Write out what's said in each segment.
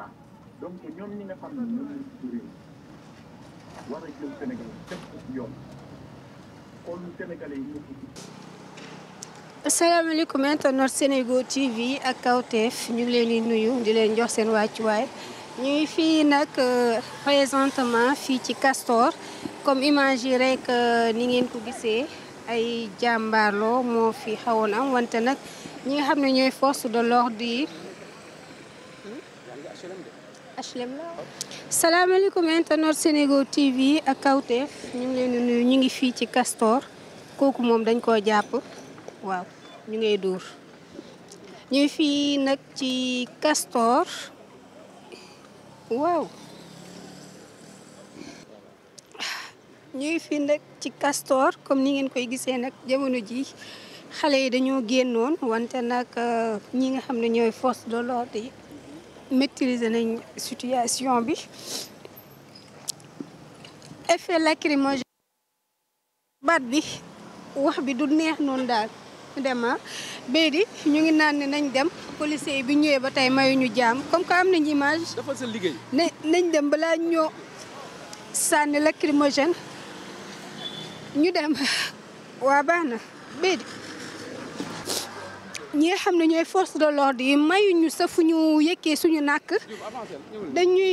programme donc ñoom ñi ci réew yi ak Kawtef ñu ngi leen di nuyu di leen jox seen wàccuwaay ñu ngi fii nag euh, présentement fii ci Castor comme image yi rek euh, ni ngeen ko gisee ay jàmbarloo moo fi xawoon am wante nag ñi nga xam ne ñooy force de l'ordre yi HLM la salaamaaleykum internet Sénégo TV ak kawte ñu ngi ñu ngi fii ci Castor kooku moom dañ koo jàpp waaw ñu ngay dóor ñu fii nag ci Castor waaw ñu ngi fii nag ci Castor comme ni ngeen koy gisee nag jamono ji xale yi dañoo génnoon wante nag euh, ñi nga xam ne ñooy force de l'ordre yi maîtriser nañ situation bi effet lacrymogène baat bi wax bi du neex noonu daal dema ah. béy di ñu ngi naan ne nañ dem policier yi bi ñëwee ba tey mayuñu jaam comme que am nañ image. dafa sa nañ dem bala ñoo sànni lacrymogène ñu dem waa baax na béy di ñi nga xam ne ñooy force de l'ordre yi mayuñu sa fu ñu yëkkee suñu nàkk dañuy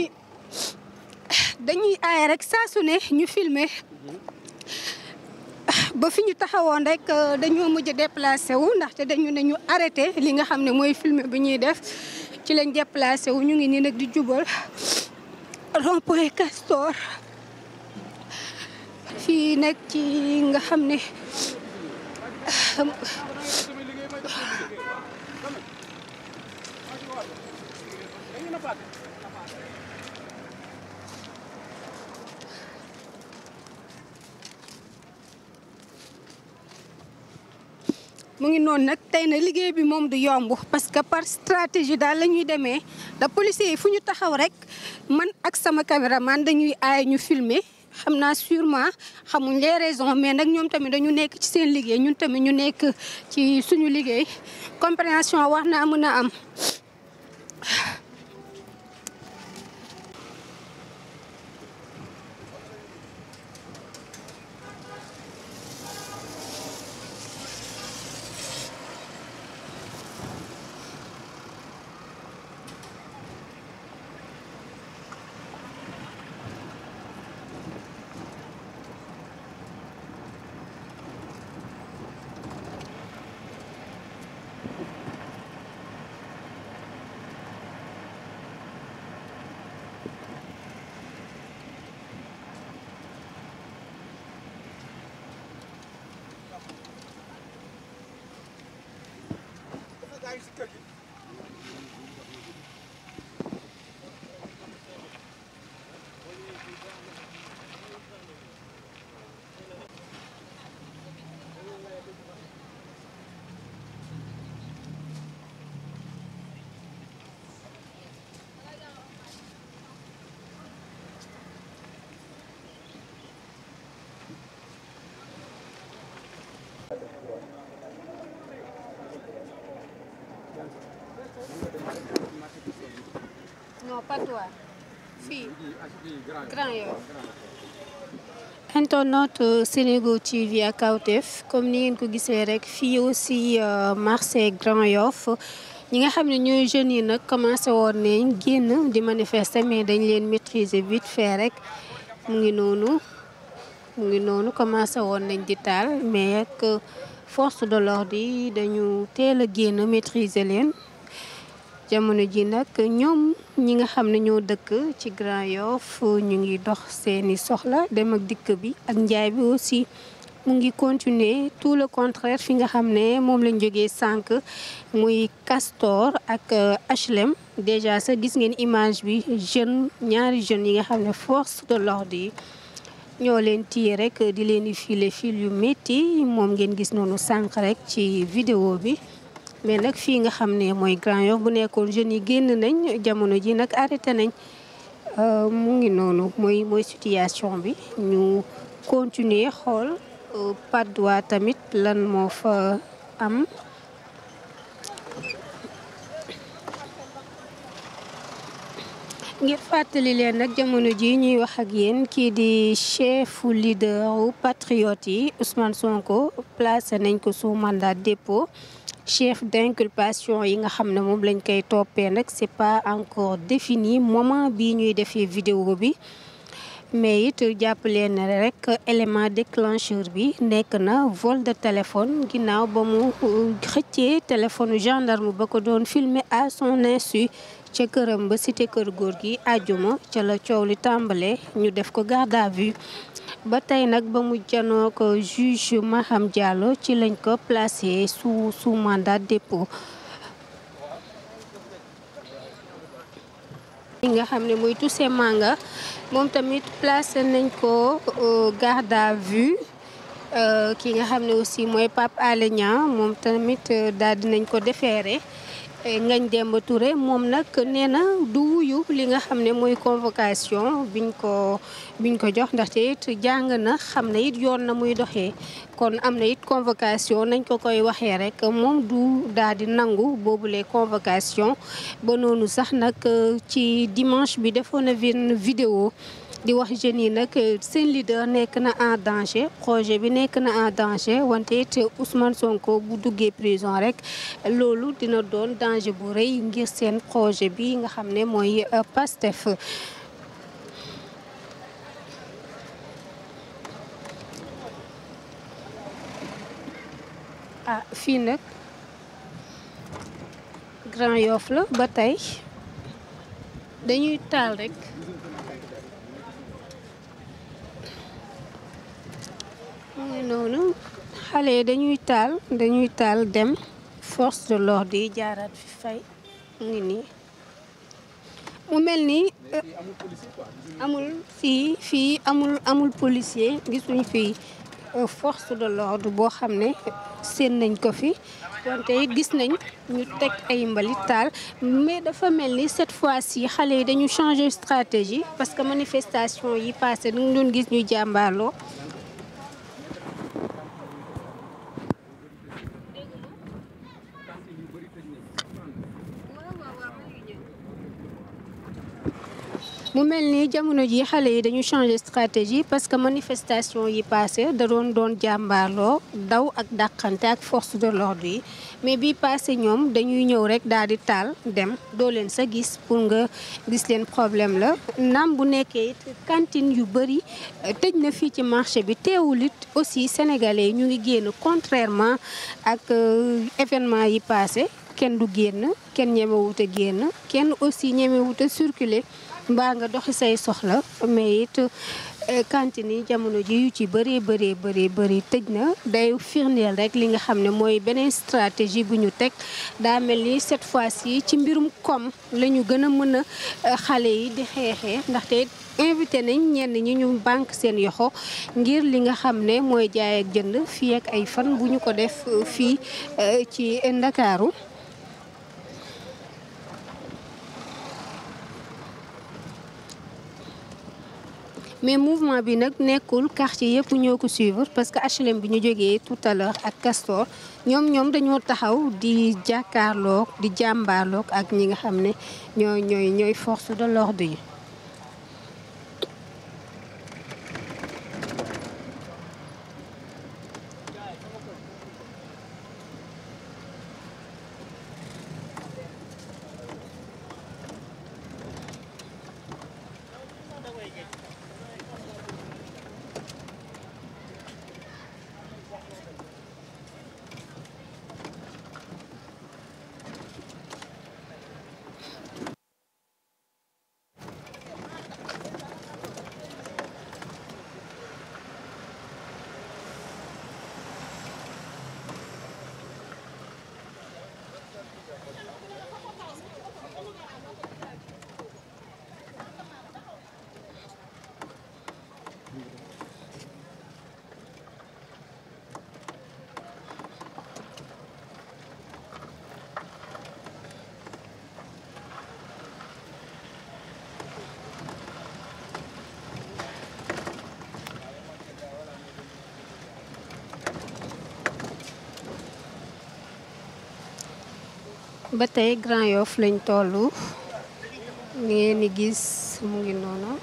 dañuy aay rek saa su ne ñu filmer ba fi ñu taxawoon rek dañoo mujj déplacé wu ndaxte dañu ne ñu arrêté li nga xam ne mooy filmer bi ñuy def ci lañ déplacé wu ñu ngi nii nag di jubal rond-point Castor fii nekk ci nga xam ne mu ngi noonu nag tey na liggéey bi moom du yomb parce que par stratégie daal la ñuy demee da policiers yi fu ñu taxaw rek man ak sama caméraman dañuy aay ñu filmer xam naa sûrement xamuñ les raisons mais nag ñoom tamit dañu nekk ci seen liggéey ñun tamit ñu nekk ci suñu liggéey compréhension war naa mën a am yaa ngi si kër gi. Thank you. non Patte d'Oie internet Senego TV ak Kawtef comme ni ngeen ko gisee rek fii aussi euh, marché Grand Yoff ñi nga xam ne ñooy jeunes yi nag commencé woon nañ génn di manifester mais dañ leen maîtriser vite fait rek mu ngi noonu mu ngi noonu commencé woon nañ di taal mais ak force de l'ordre yi dañu teel a génn maîtriser leen jamono ji nag ñoom ñi nga xam ne ñoo dëkk ci Grand Yoff ñu ngi dox seeni soxla dem ak dikk bi ak njaay bi aussi mu ngi continuer tout le contraire fi nga xam ne moom lañ jógee sànq muy Castor ak HLM euh, H&M. déjà sa gis ngeen image bi jeune ñaari jeunes yi nga xam ne force de l'ordre yi ñoo leen téye rek di leen di file fil yu métti moom ngeen gis noonu sànq rekk ci vidéo bi mais nag fii nga xam ne mooy Grand Yoff bu nekkoon jeunes yi génn nañ jamono ji nag arrêté nañ euh, mu ngi noonu mooy mooy situation bi ñu continue xool euh, Patte d'Oie tamit lan moo fa am ngir fàttali leen nag jamono ji ñuy wax ak yéen kii di chefu leaderu patriot yi Ousmane Sonko placé nañ ko su mandat dépôt chef d'inculpation yi nga xam ne moom lañ koy toppee nag c'est pas encore défini moment bii ñuy defee vidéo bi mais it jàppalee ne rek élément déclencheur bi nekk na vol de téléphone ginnaaw ba mu euh, xëccee téléphone gendarme ba ko doon filmer à son insu ca këram ba cité kër góor gi àjjuma ca la coow li tàmbalee ñu def ko garde à vue ba tey nag ba mu janoo ko euh, juge Maham Diallo ci lañ ko placé sous sous mandat dépôt li nga xam ne mooy Toussaint Manga moom tamit placé nañ ko euh, garde à vue euh, ki nga xam ne aussi mooy Pape Alé Niang moom tamit daal dinañ ko déféré Eh, Ngagne Demba Touré moom nag nee na du wuyu li nga xam ne mooy convocation biñ ko biñ ko jox ndaxte it jàng na xam na it yoon na muy doxee kon am na it convocation nañ ko koy waxee rek moom du daal di nangu boobule convocation ba noonu sax nag eh, ci dimanche bi defoon na benn di wax jeunes yi nag seen leader nekk na en danger projet bi nekk na en danger wante te Ousmane Sonko bu duggee prison rek loolu dina doon danger bu rëy ngir seen projet bi nga xam ne mooy euh, PASTEF. ah fii nag Grand Yoff la ba tey dañuy taal rekk mu ngi noonu xale yi dañuy taal dañuy taal dem force de l'ordre yi jaaraat fi fay mu ngi nii mu mel ni eh, amul fii fii amul amul policier gisuñ fii eh, force de l'ordre boo xam ne seen nañ ko fi wante gis nañ ñu teg ay mbalit taal mais dafa mel ni cette fois-ci xale yi dañu changer stratégie parce que manifestation yi passé dañu doon gis ñu jàmbaarloo mu mel ni jamono ji xale yi dañu changer stratégie parce que manifestation yi passé da doon doon jàmbaarloo daw ak dàqante ak force de l'ordre yi mais bi passé ñoom dañuy ñëw rek daal di taal dem doo leen sa gis pour nga gis leen problème la naam bu nekkee it yu bëri euh, tëj na fii ci marché bi teewul it aussi sénégalais yi ñu ngi génn contrairement ak euh, événement yi passé kenn du génn kenn ñemewut a génn kenn aussi ñemewut a circuler mbaa nga doxi say soxla mais it eh, cantine jamono ji yu ci bëree bëree bëree bëri tëj na day firndeel rek li nga xam ne mooy beneen stratégie bu ñu teg daa mel ni cette fois ci ci mbirum koom la ñu gën a mën a eh, xale yi di xeexee ndaxte invité nañ ñenn ñi ñu banque seen yoxo ngir li nga xam ne mooy jaay ak jënd fii ak ay fan bu ñu ko def eh, fii ci Ndakaaru mais mouvement bi nag nekkul quartier yëpp ñoo ko suivre parce que HLM bi ñu jógee tout à ak Castor ñoom ñoom dañoo taxaw di jàkkaarloog di jàmbaarloog ak ñi nga xam ne ñooy ñooy ñooy force de l'ordre yi ba tey Grand Yoff lañ tollu ngeen di gis mu ngi noonu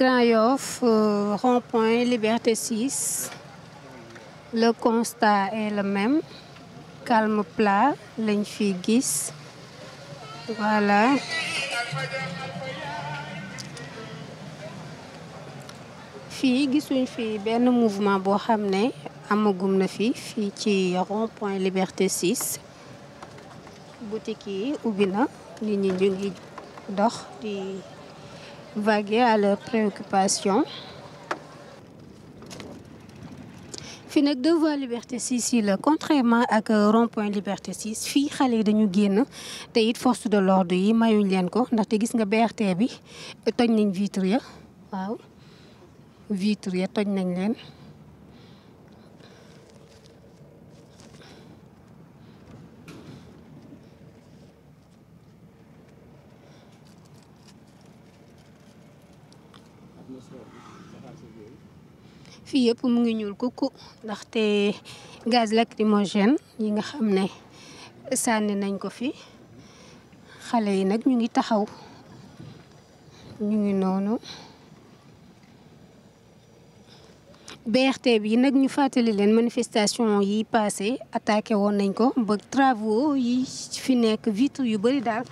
Grand Yoff euh, Liberté 6 le constat est même calme plat lañ fi gis voilà fii gisuñ fi benn mouvement boo xam ne amagum na fi fii ci rond-point Liberté 6 boutique yi ubbi na nit ñi ñu ngi dox di vaguer à leurs préoccupations fii nag deux voies liberté 6 yi la contrairement ak euh, rond-point liberté 6 fii xale yi dañu génn te it force de l'ordre yi mayuñ leen ko ndaxte gis nga BRT bi toj nañ vitre ya waaw vitre ya toj nañ leen fii yëpp mu ngi ñuul kukku ndaxte gaz lacrymogène yi nga xam ne sànni nañ ko fi xale yi nag ñu ngi taxaw ñu ngi noonu BRT bi nag ñu fàttali leen manifestation yi passé attaqué woon nañ ko ba travaux yi fi nekk vitre yu bari daal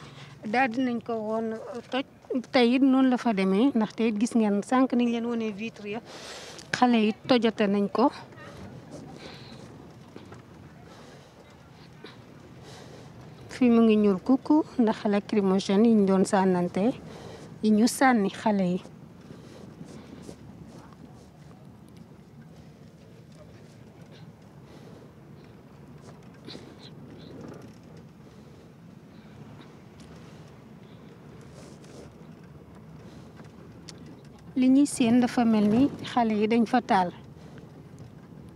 daal di nañ ko woon toj tey it noonu la fa demee ndaxte it gis ngeen sànq nañ leen wone vitre ya xale yi tojate nañ ko fi mu ngi ñuul kukku ndax lacrymogène yi ñu doon sànnante yi ñu sànni xale yi li ñuy seen dafa mel ni xale yi dañ fa taal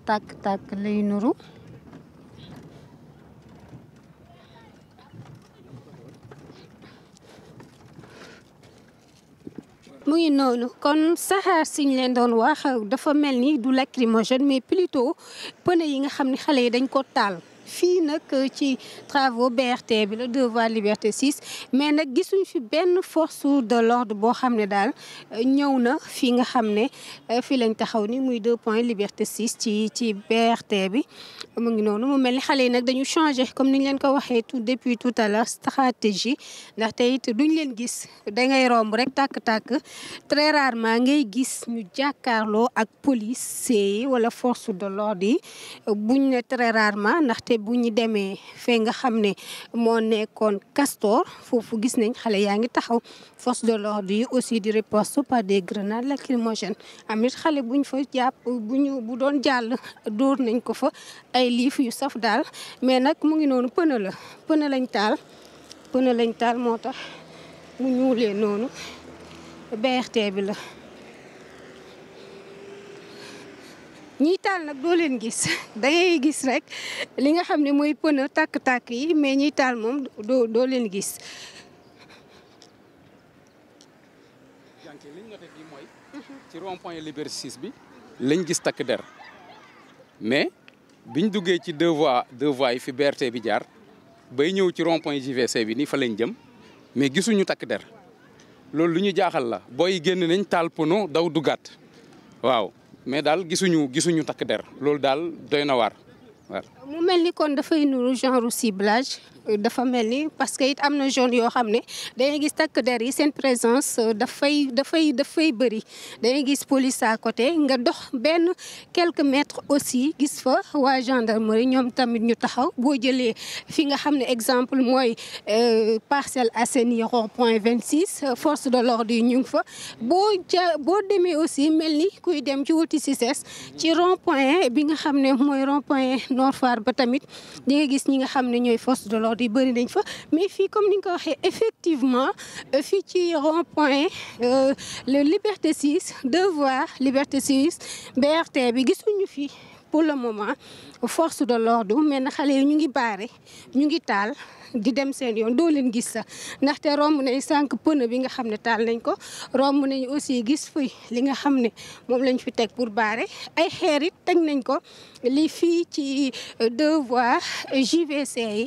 tàkk-tàkk lay nuru mu ngi noonu kon saxaar siñ leen doon wax dafa mel ni du lacrymogène mais plutôt pneu yi nga xam ni xale yi dañ ko taal fii nag euh, ci travaux BRT bi la deux voies liberté 6 mais nag gisuñ fi benn force de l'ordre boo xam ne daal euh, ñëw na fii nga xam ne euh, fii lañ taxaw ni muy deux points liberté 6 ci ci BRT bi mu ngi noonu mu mel ni xale yi nag dañu changé comme niñ leen ko waxee tout depuis tout à l'heure stratégie ndax te it duñ leen gis dangay romb rek takk tàkk très rarement ngay gis ñu jàkkaarloo ak police yi wala force de l'ordre yi buñ ne très rarement ndaxte bu ñu demee fee nga xam ne moo nekkoon Castor foofu gis nañ xale yaa ngi taxaw force de l'ordre yi aussi di riposte par des grenades lacrymogènes amit xale buñ fa jàpp bu ñu bu doon jàll dóor nañ ko fa ay liif yu saf daal mais nag mu ngi noonu pëna la pëna lañ taal pëna lañ taal moo tax mu ñuulee noonu BRT bi la ñiy taal nag doo leen gis da ngay gis rek li nga xam ne mooy pneu tàkk-tàkk yi mais ñiy taal moom doo doo leen gis. li ñu noté bi ci rond point bi lañ gis takk der mais biñ duggee ci deux voies deux voies yi fi BRT bi jaar bay ñëw ci rond point bi nii fa lañ jëm mais gisuñu takk der loolu lu ñu jaaxal la booy génn nañ taal pneu daw duggaat waaw. mais daal gisuñu gisuñu takk der loolu daal doy na waar waaw. mu mel ni kon dafay nuru genre ciblage dafa mel ni parce que it am na jeunes yoo xam ne dañuy gis takk der yi seen présence euh, dafay dafay dafay bëri dañuy gis police à côté nga dox benn quelques mètres aussi gis fa waa gendarmerie ñoom tamit ñu taxaw boo jëlee fi nga xam ne exemple mooy euh, Parcelles Assainies rond-point 26 force de l'ordre yi ñu ngi fa boo ja boo demee aussi mel ni kuy dem ci wuti si ses ci rond-point bi nga xam ne mooy rond-point Nord ba tamit di nga gis ñi nga xam ne ñooy force de l'ordre désordre yi bëri nañ fa mais fii comme ni nga ko waxee effectivement euh, fii ci rond point euh, le liberté 6 deux voir liberté 6 BRT bi gisuñu fi pour le moment force de l'ordre mel na xale yi ñu ngi baare ñu ngi taal di dem seen yoon doo leen gis sax ndaxte romb nañ sànq pëne bi nga xam ne taal nañ ko romb nañ aussi gis fuy li nga xam ne moom lañu fi teg pour baare ay xeer it teg nañ ko li fii ci euh, deux voies JVC yi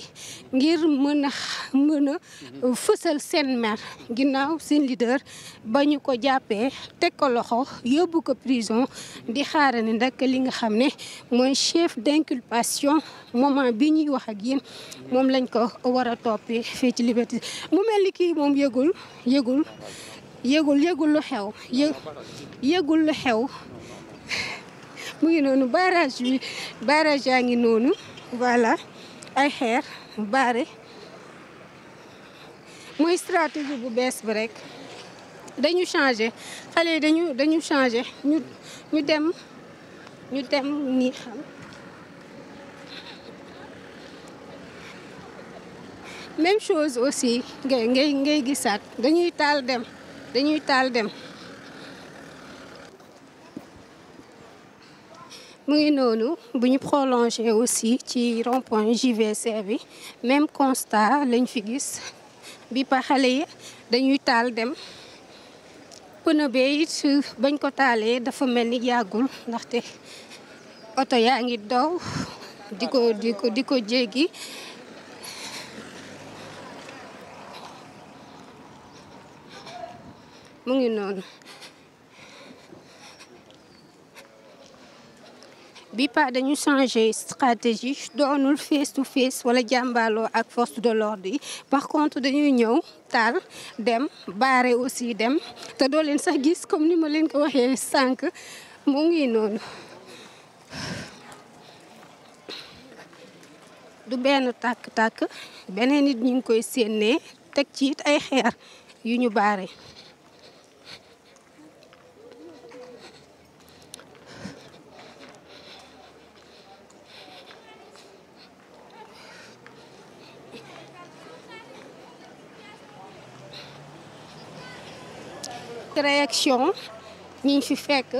ngir mën a mën a fësal seen mer ginnaaw seen leader ba ñu ko jàppee teg ko loxo yóbbu ko prison di ni ndak li nga xam ne mooy chef inculpation moment bi ñuy wax ak yéen moom lañ ko war a toppee fii ci liberté mu mel ni kii moom yëgul yëgul yëgul yëgul lu xew yëgul lu xew mu ngi noonu barrage bi barrage yaa ngi noonu voilà ay xeer bare mooy stratégie bu bees bi rekk dañu changé xale yi dañu dañu changé ñu dem ñu dem nii xam même chose aussi ngay ngay ngay gisaat dañuy taal dem dañuy taal dem mu ngi noonu bu ñu prolongé aussi ci rond-point JVC bi même constat lañ fi gis bi pa xale yi dañuy taal dem pneu bi bañ ko taalee dafa mel ni yàggul ndaxte oto yaa ngi dow di ko di ko di ko jéggi mu ngi noonu bi dañu changé stratégie doonul face to face wala jàmbaloo ak force de l'ordre yi par contre dañuy ñëw taal dem baare aussi dem te doo leen sax gis comme ni ma leen ko waxee sànq mu ngi noonu du benn tàkk-tàkk beneen nit ñu ngi koy séenee teg ci it ay xeer yu ñu baare petite réaction ñi fi fekk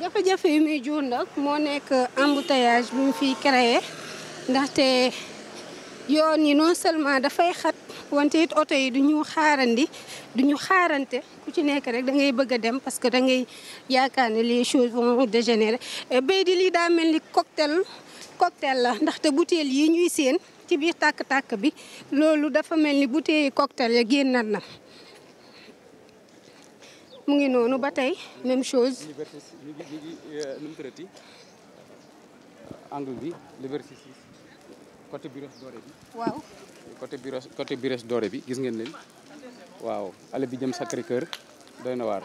jafe-jafe yi muy jur nag moo nekk embouteillage bu mu fiy ndaxte yoon yi non seulement dafay xat wante it oto yi du ñu xaarandi duñu xaarante ku ci nekk rek dangay ngay bëgg a dem parce que da ngay yaakaar ne les choses vont dégénérer eh, bay di lii daa mel ni cocktail cocktail la ndaxte butéel yi ñuy seen ci biir tàkk-tàkk bi loolu dafa mel ni bouteille cocktail ya génnaat na mu ngi noonu ba tey même chose. liberté ñu euh, angle bi liberté six côté bureau doré bi. waaw côté bureau côté bureau doré bi gis ngeen leen waaw ale bi jëm Sacré Cœur doy na waar.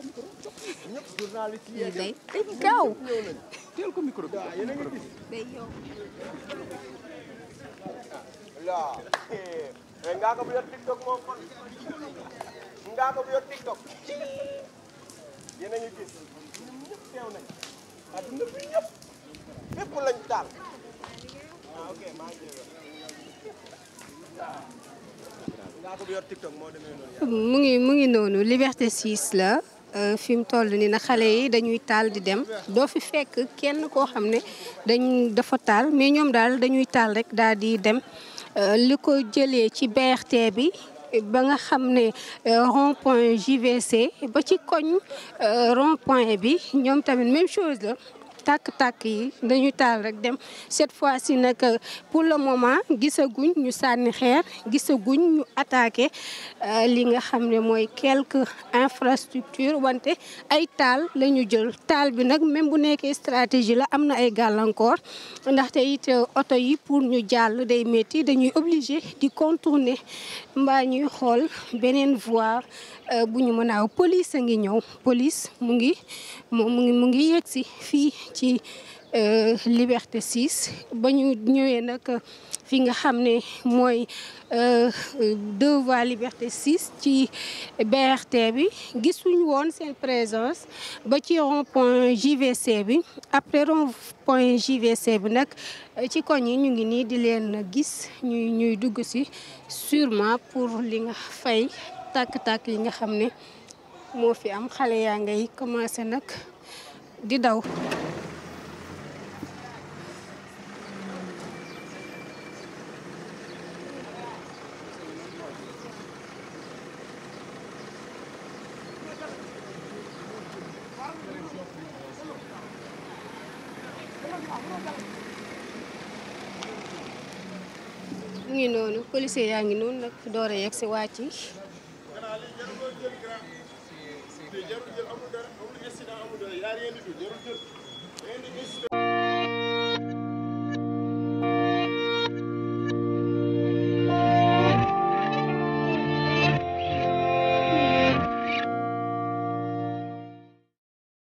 lii day kaw. day yow. ko bu yor TikTok moom kon ngaa ko bu yor TikTok yéen a ngi gis ñun ñëpp teew nañ adduna bi ñëpp lépp ko bu yor TikTok moo mu ngi noonu Liberté 6 la Euh, fi mu toll nii na xale yi dañuy taal di dem doo fi fekk kenn koo xam ne dañ dafa taal mais ñoom daal dañuy taal rek daal di dem euh, li ko jëlee ci BRT bi ba nga xam ne euh, rond point ba ci koñ rond bi ñoom tamit même chose la tàkk-tàkk yi dañuy taal rek dem cette fois si nag pour le moment gisaguñ ñu sànni xeer gisaguñ ñu attaqué euh, li nga xam ne mooy quelque infrastructure wante ay taal la ñu jël taal bi nag même bu nekkee stratégie la am na ay gàllankoor ndaxte it euh, oto yi pour ñu jàll day métti dañuy obligé di contourner mbaa ñuy xool beneen voie euh, bu ñu mën a aw police a ngi ñëw police mu ngi mu ngi mu yegg si fii ci euh, Liberté 6 ba ñu ñëwee nag fi nga xam ne mooy euh, deux voies Liberté 6 ci BRT bi gisuñ woon seen présence ba ci rond point JVC bi après rond point JVC bi nag ci koñ yi ñu ngi nii di leen gis ñuy ñuy dugg si sûrement pour li nga fay tàkk-tàkk yi nga xam ne moo fi am xale yaa ngay commencé nag di daw ngi noonu yaa ngi noonu nag door a yegg si wàcc